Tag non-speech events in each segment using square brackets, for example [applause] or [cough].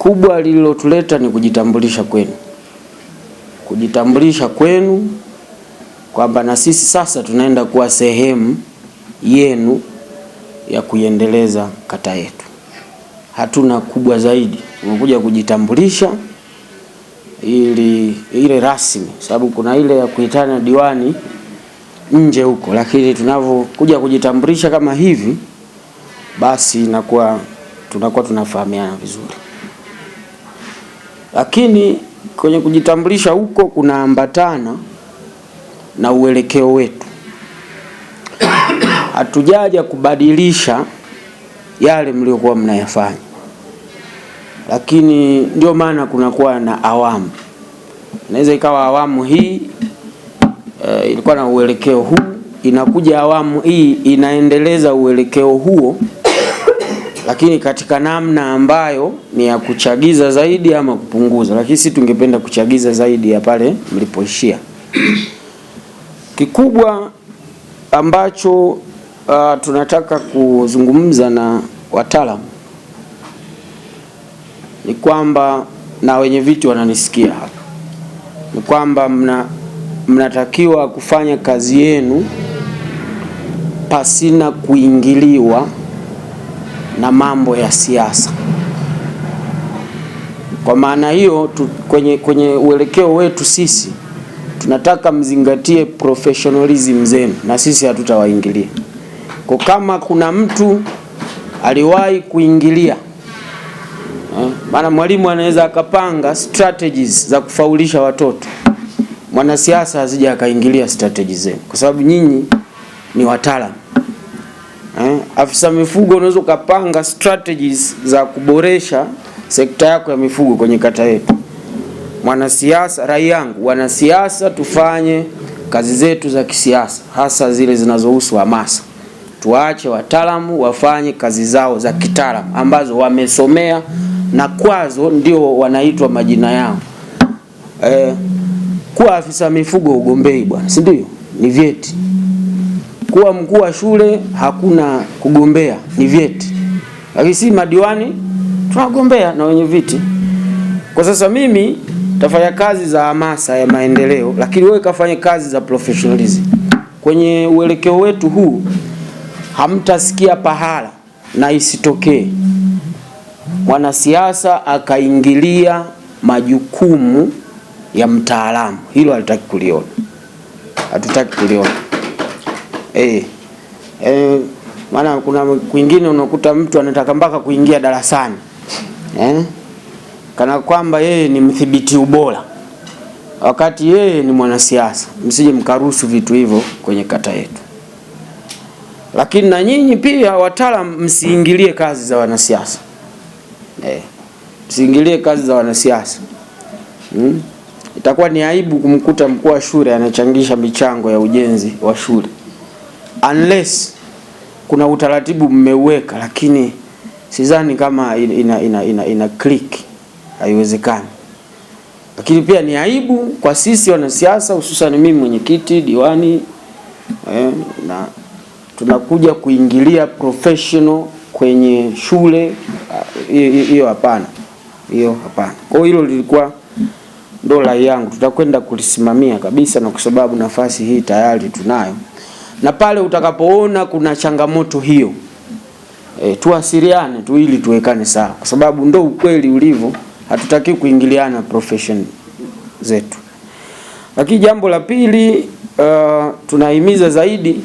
kubwa lililotuleta ni kujitambulisha kwenu, kujitambulisha kwenu kwamba na sisi sasa tunaenda kuwa sehemu yenu ya kuiendeleza kata yetu. Hatuna kubwa zaidi, tumekuja kujitambulisha ili ile rasmi, sababu kuna ile ya kuitana diwani nje huko, lakini tunavyokuja kujitambulisha kama hivi, basi inakuwa tunakuwa tunafahamiana vizuri. Lakini kwenye kujitambulisha huko kuna ambatana na uelekeo wetu. [coughs] Hatujaja kubadilisha yale mliokuwa mnayafanya, lakini ndio maana kunakuwa na awamu. Inaweza ikawa awamu hii e, ilikuwa na uelekeo huu, inakuja awamu hii inaendeleza uelekeo huo lakini katika namna ambayo ni ya kuchagiza zaidi ama kupunguza, lakini si tungependa kuchagiza zaidi ya pale mlipoishia. Kikubwa ambacho uh, tunataka kuzungumza na wataalamu ni kwamba na wenye viti wananisikia hapa, ni kwamba mna mnatakiwa kufanya kazi yenu pasina kuingiliwa na mambo ya siasa. Kwa maana hiyo tu, kwenye, kwenye uelekeo wetu sisi tunataka mzingatie professionalism zenu na sisi hatutawaingilia. Kwa kama kuna mtu aliwahi kuingilia eh, maana mwalimu anaweza akapanga strategies za kufaulisha watoto, mwanasiasa asije akaingilia strategies zenu, kwa sababu nyinyi ni wataalamu. Eh, afisa mifugo unaweza ukapanga strategies za kuboresha sekta yako ya mifugo kwenye kata yetu. Mwanasiasa, rai yangu wanasiasa, tufanye kazi zetu za kisiasa, hasa zile zinazohusu hamasa. Tuache wataalamu wafanye kazi zao za kitaalamu ambazo wamesomea na kwazo ndio wanaitwa majina yao. Eh, kuwa afisa mifugo ugombei bwana, si ndio? Ni vyeti kuwa mkuu wa shule hakuna kugombea, ni vyeti, lakini si madiwani tunagombea na wenye viti. Kwa sasa mimi tafanya kazi za hamasa ya maendeleo, lakini wewe kafanye kazi za professionalism. Kwenye uelekeo wetu huu hamtasikia pahala na isitokee mwanasiasa akaingilia majukumu ya mtaalamu. Hilo halitaki kuliona, hatutaki kuliona eh, eh, maana kuna kwingine unakuta mtu anataka mpaka kuingia darasani eh, kana kwamba yeye ni mthibiti ubora, wakati yeye ni mwanasiasa. Msije mkaruhusu vitu hivyo kwenye kata yetu. Lakini na nyinyi pia wataalamu, msiingilie kazi za wanasiasa eh, msiingilie kazi za wanasiasa hmm? Itakuwa ni aibu kumkuta mkuu wa shule anachangisha michango ya ujenzi wa shule unless kuna utaratibu mmeuweka, lakini sidhani kama ina, ina, ina, ina click, haiwezekani. Lakini pia ni aibu kwa sisi wanasiasa, hususan mimi mwenyekiti, diwani eh, na tunakuja kuingilia professional kwenye shule ah, hiyo. Hapana, hiyo hapana. Kwa hiyo hilo lilikuwa ndo rai yangu, tutakwenda kulisimamia kabisa, na kwa sababu nafasi hii tayari tunayo na pale utakapoona kuna changamoto hiyo e, tuasiriane tu ili tuwekane sawa, kwa sababu ndo ukweli ulivyo. Hatutaki kuingiliana profession zetu. Lakini jambo la pili, uh, tunahimiza zaidi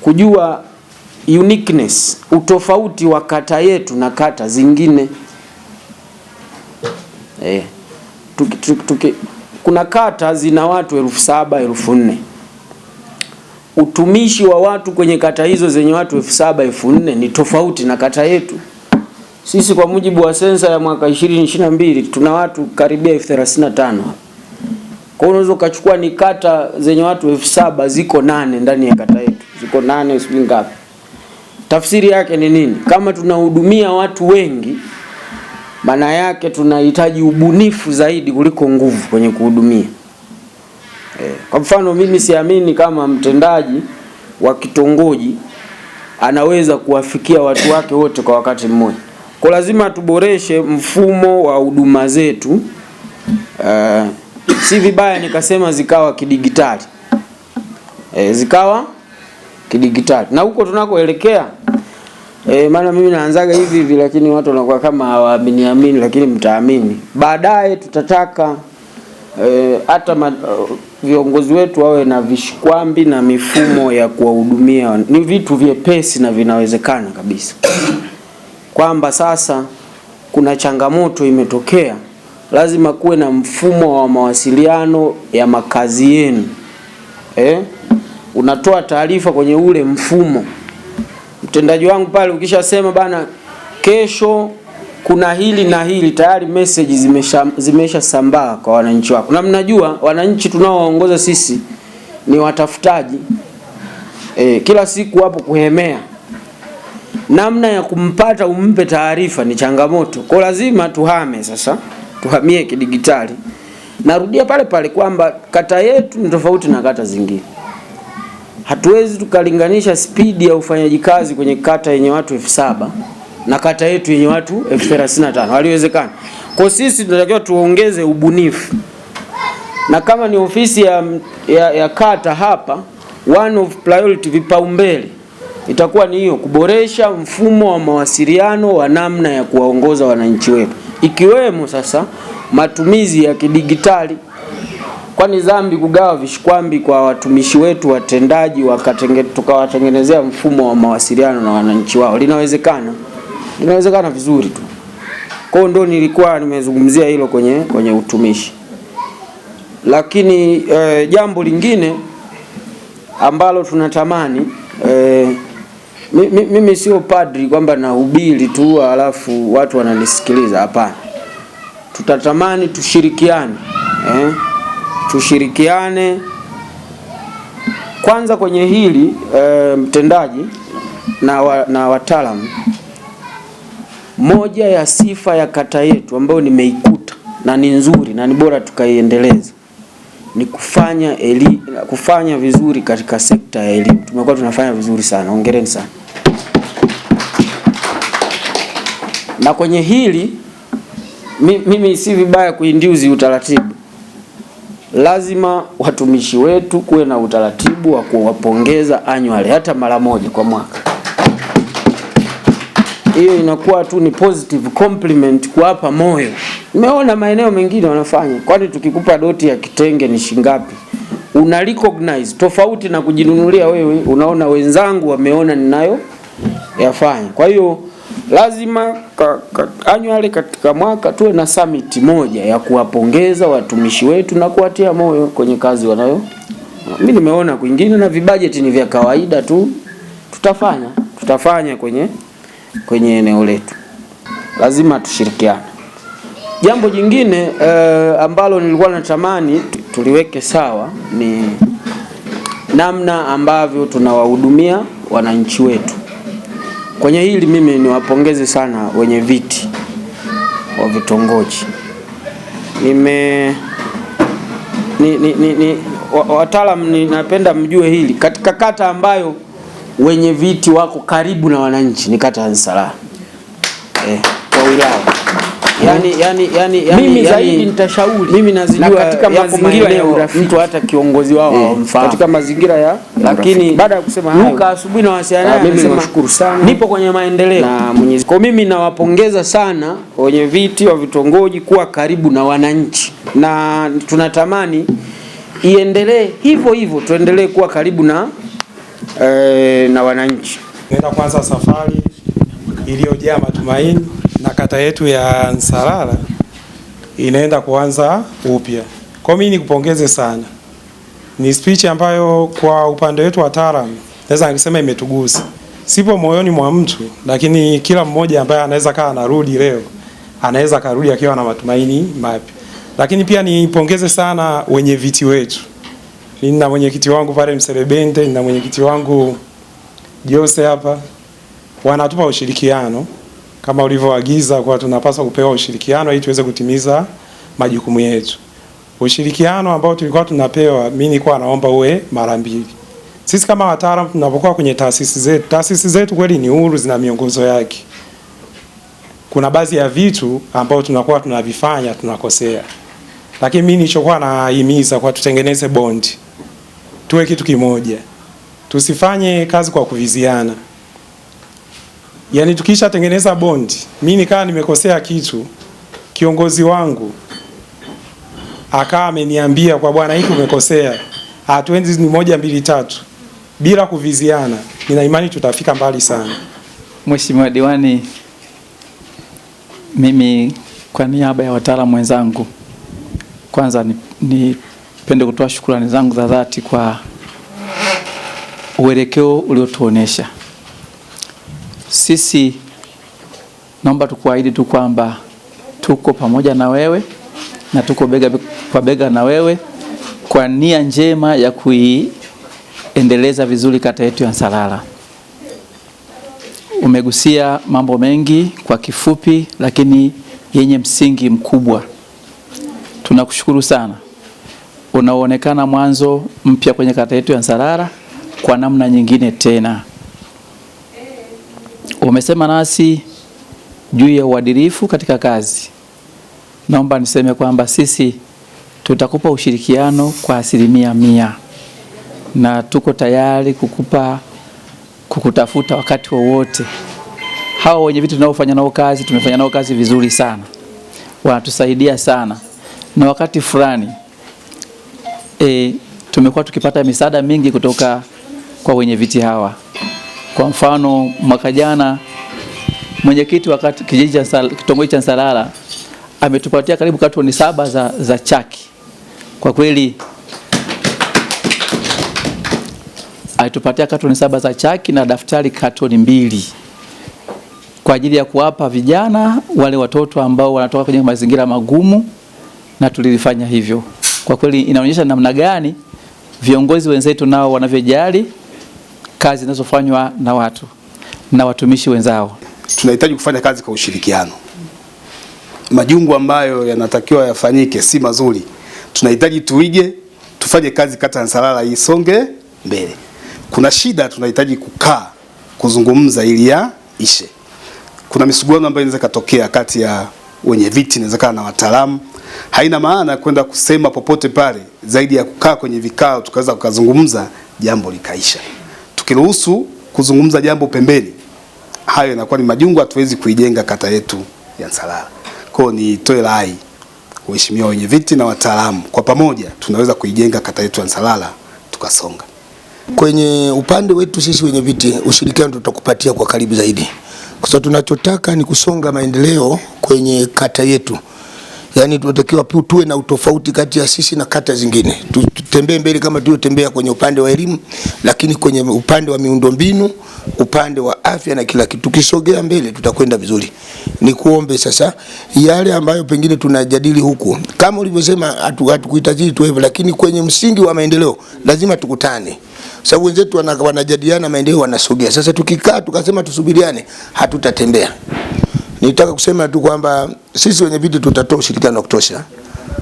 kujua uniqueness, utofauti wa kata yetu na kata zingine e, tuki, tuki, tuki, kuna kata zina watu elfu saba elfu nne utumishi wa watu kwenye kata hizo zenye watu elfu saba elfu nne ni tofauti na kata yetu. Sisi kwa mujibu wa sensa ya mwaka 2022 tuna watu karibia elfu thelathini na tano. Kwa hiyo unaweza ukachukua ni kata zenye watu elfu saba ziko nane ndani ya kata yetu, ziko nane sijui ngapi. Tafsiri yake ni nini? Kama tunahudumia watu wengi, maana yake tunahitaji ubunifu zaidi kuliko nguvu kwenye kuhudumia. Eh, kwa mfano mimi siamini kama mtendaji wa kitongoji anaweza kuwafikia watu wake wote kwa wakati mmoja. Kwa lazima tuboreshe mfumo wa huduma zetu. Uh, si vibaya nikasema zikawa kidigitali. E, zikawa kidigitali na huko tunakoelekea e, maana mimi naanzaga hivi hivi, lakini watu wanakuwa kama hawaamini amini, lakini mtaamini baadaye tutataka e, hata ma, uh, viongozi wetu wawe na vishikwambi na mifumo ya kuwahudumia. Ni vitu vyepesi na vinawezekana kabisa, kwamba sasa kuna changamoto imetokea, lazima kuwe na mfumo wa mawasiliano ya makazi yenu eh? Unatoa taarifa kwenye ule mfumo. Mtendaji wangu pale ukishasema bana, kesho kuna hili na hili, tayari message zimesha sambaa kwa wananchi wako, na mnajua wananchi tunaowaongoza sisi ni watafutaji e, kila siku wapo kuhemea namna ya kumpata umpe taarifa ni changamoto, kwa lazima tuhame sasa, tuhamie kidigitali. Narudia pale pale kwamba kata yetu ni tofauti na kata zingine. Hatuwezi tukalinganisha spidi ya ufanyaji kazi kwenye kata yenye watu elfu saba na kata yetu yenye watu 1035 haliwezekani. Kwa sisi tunatakiwa tuongeze ubunifu, na kama ni ofisi ya, ya, ya kata hapa, one of priority vipaumbele itakuwa ni hiyo, kuboresha mfumo wa mawasiliano wa namna ya kuwaongoza wananchi wetu, ikiwemo sasa matumizi ya kidigitali, kwani dhambi kugawa vishikwambi kwa watumishi wetu watendaji, tukawatengenezea mfumo wa mawasiliano na wananchi wao, linawezekana inawezekana vizuri tu. Kwa hiyo ndo nilikuwa nimezungumzia hilo kwenye, kwenye utumishi. Lakini e, jambo lingine ambalo tunatamani e, mimi sio padri kwamba nahubiri tu alafu watu wananisikiliza. Hapana, tutatamani tushirikiane eh? Tushirikiane kwanza kwenye hili eh, mtendaji na, wa, na wataalamu moja ya sifa ya kata yetu ambayo nimeikuta na ni nzuri na ni bora tukaiendeleza ni kufanya eli, kufanya vizuri katika sekta ya elimu. Tumekuwa tunafanya vizuri sana, hongereni sana. Na kwenye hili mimi si vibaya kuinduzi utaratibu, lazima watumishi wetu kuwe na utaratibu wa kuwapongeza annually hata mara moja kwa mwaka hiyo inakuwa tu ni positive compliment, kuwapa moyo. Nimeona maeneo mengine wanafanya, kwani tukikupa doti ya kitenge ni shingapi? Una recognize tofauti na kujinunulia wewe, unaona wenzangu wameona ninayo yafanya. Kwa hiyo lazima ka, ka, annually katika mwaka tuwe na summit moja ya kuwapongeza watumishi wetu na kuwatia moyo kwenye kazi wanayo. Mimi nimeona kwingine na vibajeti ni vya kawaida tu, tutafanya tutafanya kwenye kwenye eneo letu, lazima tushirikiane. Jambo jingine eh, ambalo nilikuwa natamani tuliweke sawa ni namna ambavyo tunawahudumia wananchi wetu. Kwenye hili mimi niwapongeze sana wenye viti wa vitongoji. Nime ni, ni, ni, ni, wataalamu ninapenda mjue hili katika kata ambayo wenye viti wako karibu na wananchi ni kata ya Nsalaha eh, kwa wilaya yani, yani, yani, yani, mimi yani, zaidi nitashauri mimi nazijua na katika mazingira ya urafiki mtu hata kiongozi wao hawamfahamu eh, katika mazingira ya lakini baada ya kusema hayo Luka asubuhi na wasiana ah, mimi nashukuru sana nipo kwenye maendeleo na Mwenyezi kwa mimi nawapongeza sana wenye viti wa vitongoji kuwa karibu na wananchi na tunatamani iendelee hivyo hivyo tuendelee kuwa karibu na e, na wananchi. Naenda kuanza safari iliyojaa matumaini na kata yetu ya Nsalala inaenda kuanza upya. Kwa mimi nikupongeze sana, ni speech ambayo kwa upande wetu wataalamu naweza nikisema imetugusa, sipo moyoni mwa mtu, lakini kila mmoja ambaye anaweza kaa anarudi leo anaweza karudi akiwa na matumaini mapya. Lakini pia nipongeze sana wenye viti wetu nina mwenyekiti wangu pale Mserebente, nina mwenyekiti wangu Jose hapa, wanatupa ushirikiano kama ulivyoagiza, kwa tunapaswa kupewa ushirikiano ili tuweze kutimiza majukumu yetu. Ushirikiano ambao tulikuwa tunapewa, mimi nilikuwa naomba uwe mara mbili. Sisi kama wataalamu tunapokuwa kwenye taasisi zetu, taasisi zetu kweli ni huru, zina miongozo yake. Kuna baadhi ya vitu ambao tunakuwa tunavifanya tunakosea, lakini mimi nilichokuwa nahimiza kwa tutengeneze bondi tuwe kitu kimoja, tusifanye kazi kwa kuviziana. Yaani tukisha tengeneza bondi, mi nikaa nimekosea kitu, kiongozi wangu akawa ameniambia kwa bwana, hiki umekosea, hatuenzi ah, ni moja mbili tatu, bila kuviziana, nina imani tutafika mbali sana. Mheshimiwa Diwani, mimi kwa niaba ya wataalamu wenzangu kwanza ni, ni Pende kutoa shukrani zangu za dhati kwa uelekeo uliotuonesha sisi. Naomba tukuahidi tu kwamba tuko pamoja na wewe na tuko bega kwa bega na wewe kwa nia njema ya kuiendeleza vizuri kata yetu ya Nsalala. Umegusia mambo mengi kwa kifupi, lakini yenye msingi mkubwa. Tunakushukuru sana unaoonekana mwanzo mpya kwenye kata yetu ya Nsalala kwa namna nyingine tena. Umesema nasi juu ya uadilifu katika kazi. Naomba niseme kwamba sisi tutakupa ushirikiano kwa asilimia mia na tuko tayari kukupa kukutafuta wakati wowote wa hawa wenye vitu tunaofanya nao kazi. Tumefanya nao kazi vizuri sana, wanatusaidia sana, na wakati fulani e, tumekuwa tukipata misaada mingi kutoka kwa wenye viti hawa. Kwa mfano mwaka jana mwenyekiti wa kijiji cha kitongoji cha Nsalala ametupatia karibu katoni saba za, za chaki. Kwa kweli alitupatia katoni saba za chaki na daftari katoni mbili kwa ajili ya kuwapa vijana wale watoto ambao wanatoka kwenye mazingira magumu, na tulilifanya hivyo. Kwa kweli inaonyesha namna gani viongozi wenzetu nao wanavyojali kazi zinazofanywa na watu na watumishi wenzao. Tunahitaji kufanya kazi kwa ushirikiano. Majungu ambayo yanatakiwa yafanyike si mazuri. Tunahitaji tuige, tufanye kazi kata ya Nsalala isonge mbele. Kuna shida, tunahitaji kukaa kuzungumza ili ya ishe. Kuna misuguano ambayo inaweza katokea kati ya wenye viti, inawezekana na wataalamu haina maana kwenda kusema popote pale zaidi ya kukaa kwenye vikao tukaweza kukazungumza jambo likaisha. Tukiruhusu kuzungumza jambo pembeni, hayo inakuwa ni majungu, hatuwezi kuijenga kata yetu ya Nsalala. Kwa nitoe rai, waheshimiwa wenye viti na wataalamu, kwa pamoja tunaweza kuijenga kata yetu ya Nsalala tukasonga. Kwenye upande wetu sisi wenye viti, ushirikiano tutakupatia kwa karibu zaidi, kwa sababu tunachotaka ni kusonga maendeleo kwenye kata yetu yani tunatakiwa tuwe na utofauti kati ya sisi na kata zingine, tutembee mbele kama tuliotembea kwenye upande wa elimu, lakini kwenye upande wa miundombinu, upande wa afya na kila kitu, tukisogea mbele tutakwenda vizuri. Nikuombe sasa, yale ambayo pengine tunajadili huku, kama ulivyosema, hatukuhitaji tu hivyo, lakini kwenye msingi wa maendeleo lazima tukutane sababu wenzetu wanajadiliana maendeleo, wanasogea. Sasa tukikaa tukasema tusubiriane, hatutatembea. Nitaka kusema tu kwamba sisi wenye viti tutatoa ushirikiano wa kutosha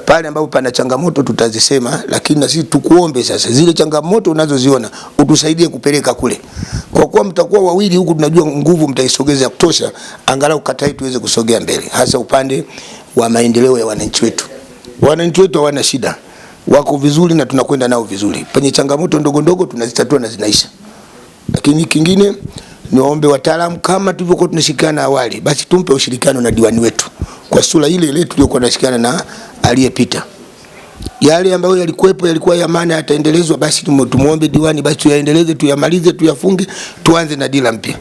pale ambapo pana changamoto tutazisema, lakini na sisi tukuombe sasa, zile changamoto unazoziona utusaidie kupeleka kule, kwa kuwa mtakuwa wawili huku, tunajua nguvu mtaisogeza ya kutosha, angalau kata hii tuweze kusogea mbele, hasa upande wa maendeleo ya wananchi wetu. Wananchi wetu hawana shida, wako vizuri na tunakwenda nao vizuri. Penye changamoto ndogo ndogo tunazitatua na zinaisha, lakini kingine niwaombe wataalamu kama tulivyokuwa tunashirikiana awali, basi tumpe ushirikiano na diwani wetu kwa sura ile ile tuliyokuwa tunashirikiana na aliyepita. Yale ambayo yalikuwepo yalikuwa ya maana, yataendelezwa, basi tumuombe diwani basi tuyaendeleze, tuyamalize, tuyafunge, tuanze na dira mpya.